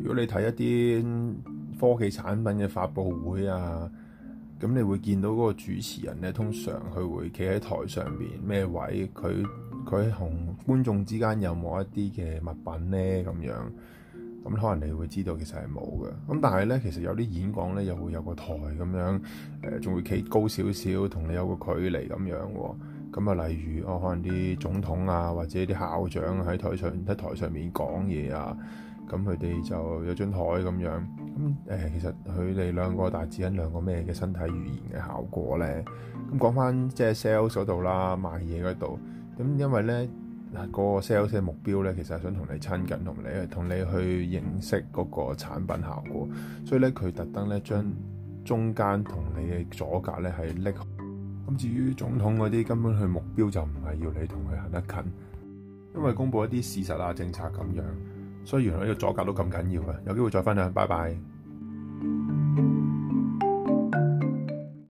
如果你睇一啲科技產品嘅發佈會啊，咁你會見到嗰個主持人呢，通常佢會企喺台上邊咩位？佢佢同觀眾之間有冇一啲嘅物品呢？咁樣咁可能你會知道其實係冇嘅。咁但係呢，其實有啲演講呢，又會有個台咁樣，誒、呃，仲會企高少少，同你有個距離咁樣。咁啊，例如哦，可能啲總統啊，或者啲校長喺台上喺台上面講嘢啊，咁佢哋就有張枱咁樣。咁、嗯、誒、欸，其實佢哋兩個，大致指緊兩個咩嘅身體語言嘅效果咧？咁、嗯、講返即係 sales 嗰度啦，賣嘢嗰度。咁因為咧嗱，個 sales 嘅目標咧，其實係想同你親近，同你同你去認識嗰個產品效果。所以咧，佢特登咧將中間同你嘅阻隔咧係拎。至於總統嗰啲，根本佢目標就唔係要你同佢行得近，因為公布一啲事實啊、政策咁樣，所以原來要阻隔都咁緊要呀。有機會再分享，拜拜。